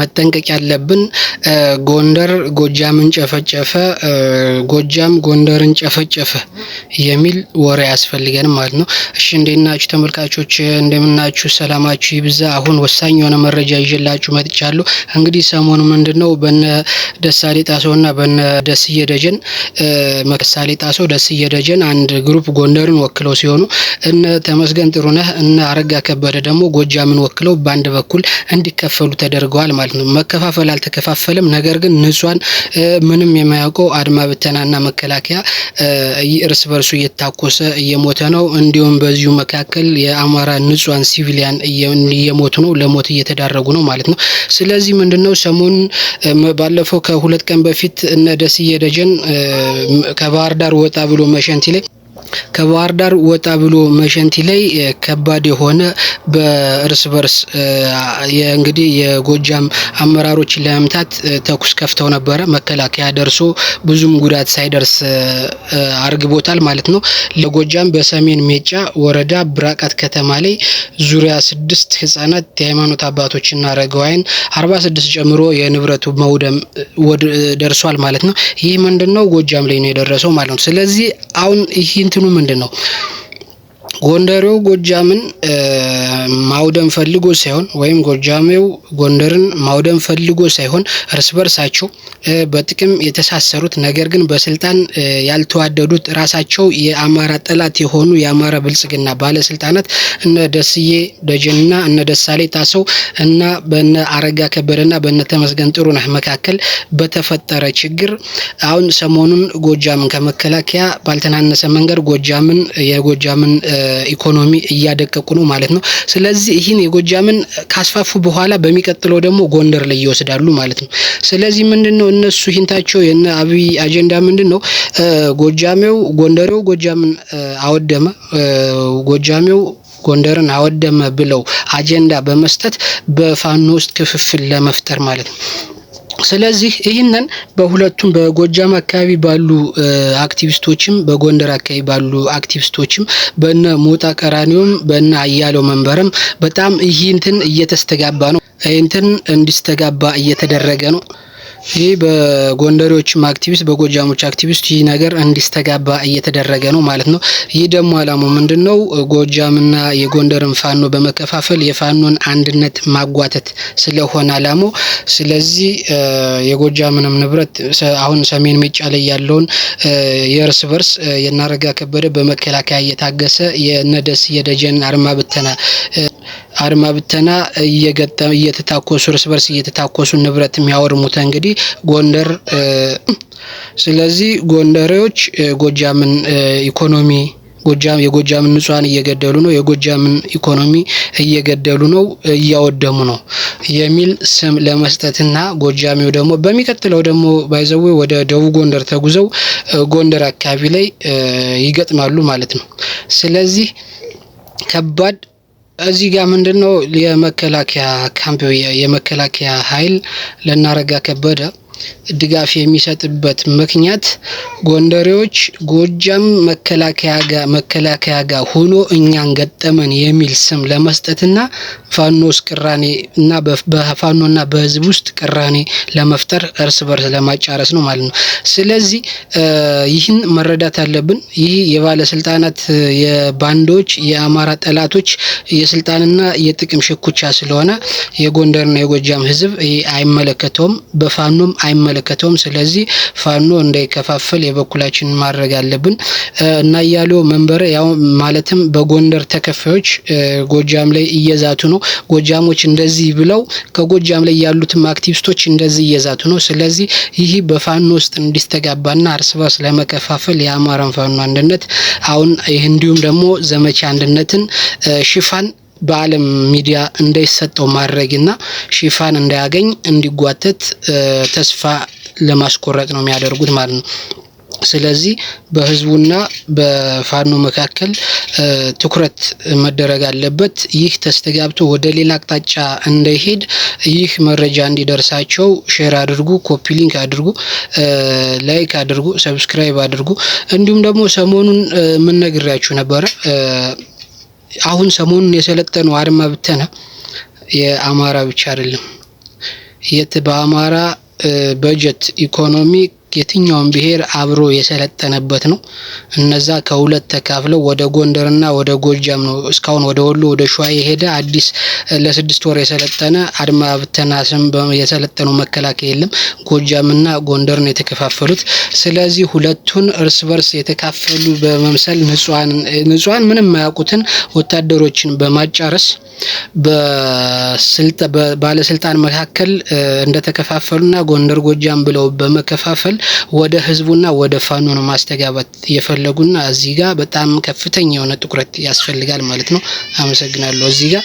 መጠንቀቅ ያለብን ጎንደር ጎጃምን ጨፈጨፈ፣ ጎጃም ጎንደርን ጨፈጨፈ የሚል ወሬ አያስፈልገንም ማለት ነው። እሺ እንዴት ተመልካቾች? እንደምናችሁ ሰላማችሁ ይብዛ። አሁን ወሳኝ የሆነ መረጃ ይዤላችሁ መጥቻለሁ። እንግዲህ ሰሞኑ ምንድን ነው በነ ደሳሌ ጣሰውና በነ ደስዬ ደጀን መሳሌ ጣሰው ደስዬ ደጀን አንድ ግሩፕ ጎንደርን ወክለው ሲሆኑ እነ ተመስገን ጥሩነህ እነ አረጋ ከበደ ደግሞ ጎጃምን ወክለው በአንድ በኩል እንዲከፈሉ ተደርገዋል ማለት ማለት ነው። መከፋፈል አልተከፋፈልም። ነገር ግን ንጹሃን ምንም የማያውቀው አድማ ብተናና መከላከያ እርስ በርሱ እየታኮሰ እየሞተ ነው። እንዲሁም በዚሁ መካከል የአማራ ንጹሃን ሲቪሊያን እየሞቱ ነው፣ ለሞት እየተዳረጉ ነው ማለት ነው። ስለዚህ ምንድን ነው ሰሞኑን ባለፈው ከሁለት ቀን በፊት እነ ደስዬ ደጀን ከባህር ዳር ወጣ ብሎ መሸንቲ ላይ ከባህር ዳር ወጣ ብሎ መሸንቲ ላይ ከባድ የሆነ በእርስ በርስ እንግዲህ የጎጃም አመራሮችን ለመምታት ተኩስ ከፍተው ነበረ። መከላከያ ደርሶ ብዙም ጉዳት ሳይደርስ አርግቦታል ማለት ነው። ለጎጃም በሰሜን ሜጫ ወረዳ ብራቃት ከተማ ላይ ዙሪያ ስድስት ህጻናት፣ የሃይማኖት አባቶችና አረጋውያን አርባ ስድስት ጨምሮ የንብረቱ መውደም ደርሷል ማለት ነው። ይህ ምንድን ነው? ጎጃም ላይ ነው የደረሰው ማለት ነው። ስለዚህ አሁን ይህን እንትኑ ምንድን ነው ጎንደሬው ጎጃምን ማውደም ፈልጎ ሳይሆን ወይም ጎጃሜው ጎንደርን ማውደም ፈልጎ ሳይሆን እርስ በርሳቸው በጥቅም የተሳሰሩት ነገር ግን በስልጣን ያልተዋደዱት ራሳቸው የአማራ ጠላት የሆኑ የአማራ ብልጽግና ባለስልጣናት እነ ደስዬ ደጀንና እነ ደሳሌ ታሰው እና በነ አረጋ ከበደና በነ ተመስገን ጥሩነህ መካከል በተፈጠረ ችግር አሁን ሰሞኑን ጎጃምን ከመከላከያ ባልተናነሰ መንገድ ጎጃምን የጎጃምን ኢኮኖሚ እያደቀቁ ነው ማለት ነው። ስለዚህ ይህን የጎጃምን ካስፋፉ በኋላ በሚቀጥለው ደግሞ ጎንደር ላይ ይወስዳሉ ማለት ነው። ስለዚህ ምንድን ነው እነሱ ሂንታቸው የነ አብይ አጀንዳ ምንድን ነው? ጎጃሜው ጎንደሬው ጎጃምን አወደመ፣ ጎጃሜው ጎንደርን አወደመ ብለው አጀንዳ በመስጠት በፋኖ ውስጥ ክፍፍል ለመፍጠር ማለት ነው። ስለዚህ ይህንን በሁለቱም በጎጃም አካባቢ ባሉ አክቲቪስቶችም በጎንደር አካባቢ ባሉ አክቲቪስቶችም በነ ሞጣ ቀራኒውም በነ አያለው መንበርም በጣም ይህንትን እየተስተጋባ ነው። ይህንትን እንዲስተጋባ እየተደረገ ነው። ይህ በጎንደሬዎችም አክቲቪስት በጎጃሞች አክቲቪስት ይህ ነገር እንዲስተጋባ እየተደረገ ነው ማለት ነው። ይህ ደግሞ አላማው ምንድን ነው? ጎጃምና የጎንደርን ፋኖ በመከፋፈል የፋኖን አንድነት ማጓተት ስለሆነ አላማው። ስለዚህ የጎጃምንም ንብረት አሁን ሰሜን ሜጫ ላይ ያለውን የእርስ በርስ የናረጋ ከበደ በመከላከያ እየታገሰ የነደስ የደጀን አርማ ብተና አድማ ብተና እየተታኮሱ እርስ በርስ እየተታኮሱ ንብረት የሚያወድሙት እንግዲህ ጎንደር ስለዚህ ጎንደሬዎች ጎጃምን ኢኮኖሚ ጎጃም የጎጃምን ንጹሃን እየገደሉ ነው፣ የጎጃምን ኢኮኖሚ እየገደሉ ነው፣ እያወደሙ ነው የሚል ስም ለመስጠትና ጎጃሚው ደግሞ በሚቀጥለው ደግሞ ባይዘዌ ወደ ደቡብ ጎንደር ተጉዘው ጎንደር አካባቢ ላይ ይገጥማሉ ማለት ነው። ስለዚህ ከባድ እዚህ ጋር ምንድን ነው የመከላከያ ካምፕ የመከላከያ ኃይል ለናረጋ ከበደ ድጋፍ የሚሰጥበት ምክንያት ጎንደሬዎች ጎጃም መከላከያ ጋር ሆኖ እኛን ገጠመን የሚል ስም ለመስጠትና ፋኖስ ቅራኔ እና በፋኖና በህዝብ ውስጥ ቅራኔ ለመፍጠር እርስ በርስ ለማጫረስ ነው ማለት ነው። ስለዚህ ይህን መረዳት አለብን። ይህ የባለስልጣናት የባንዶች የአማራ ጠላቶች የስልጣንና የጥቅም ሽኩቻ ስለሆነ የጎንደርና የጎጃም ህዝብ አይመለከተውም በፋኖም አይመለከተውም። ስለዚህ ፋኖ እንዳይከፋፈል የበኩላችን ማድረግ አለብን እና እያሌው መንበረ ያው ማለትም በጎንደር ተከፋዮች ጎጃም ላይ እየዛቱ ነው። ጎጃሞች እንደዚህ ብለው ከጎጃም ላይ ያሉትም አክቲቪስቶች እንደዚህ እየዛቱ ነው። ስለዚህ ይህ በፋኖ ውስጥ እንዲስተጋባና እርስ በርስ ለመከፋፈል የአማራን ፋኖ አንድነት አሁን እንዲሁም ደግሞ ዘመቻ አንድነትን ሽፋን በዓለም ሚዲያ እንዳይሰጠው ማድረግና ሽፋን እንዳያገኝ እንዲጓተት ተስፋ ለማስቆረጥ ነው የሚያደርጉት ማለት ነው። ስለዚህ በህዝቡና በፋኖ መካከል ትኩረት መደረግ አለበት። ይህ ተስተጋብቶ ወደ ሌላ አቅጣጫ እንዳይሄድ ይህ መረጃ እንዲደርሳቸው ሼር አድርጉ፣ ኮፒ ሊንክ አድርጉ፣ ላይክ አድርጉ፣ ሰብስክራይብ አድርጉ። እንዲሁም ደግሞ ሰሞኑን ምን ነግሬያችሁ ነበረ አሁን ሰሞኑን የሰለጠኑ አድማ ብተና የአማራ ብቻ አይደለም የት በአማራ በጀት ኢኮኖሚ የትኛውም ብሔር አብሮ የሰለጠነበት ነው። እነዛ ከሁለት ተካፍለው ወደ ጎንደርና ወደ ጎጃም ነው እስካሁን ወደ ወሎ ወደ ሸዋ የሄደ አዲስ ለስድስት ወር የሰለጠነ አድማ ብተና ስም የሰለጠኑ መከላከያ የለም። ጎጃምና ጎንደር ነው የተከፋፈሉት። ስለዚህ ሁለቱን እርስ በርስ የተካፈሉ በመምሰል ንጹሐን ምንም ማያውቁትን ወታደሮችን በማጫረስ ባለስልጣን መካከል እንደተከፋፈሉና ጎንደር ጎጃም ብለው በመከፋፈል ግን ወደ ህዝቡና ወደ ፋኖ ነው ማስተጋባት የፈለጉና እዚህ ጋር በጣም ከፍተኛ የሆነ ትኩረት ያስፈልጋል ማለት ነው። አመሰግናለሁ እዚህ ጋር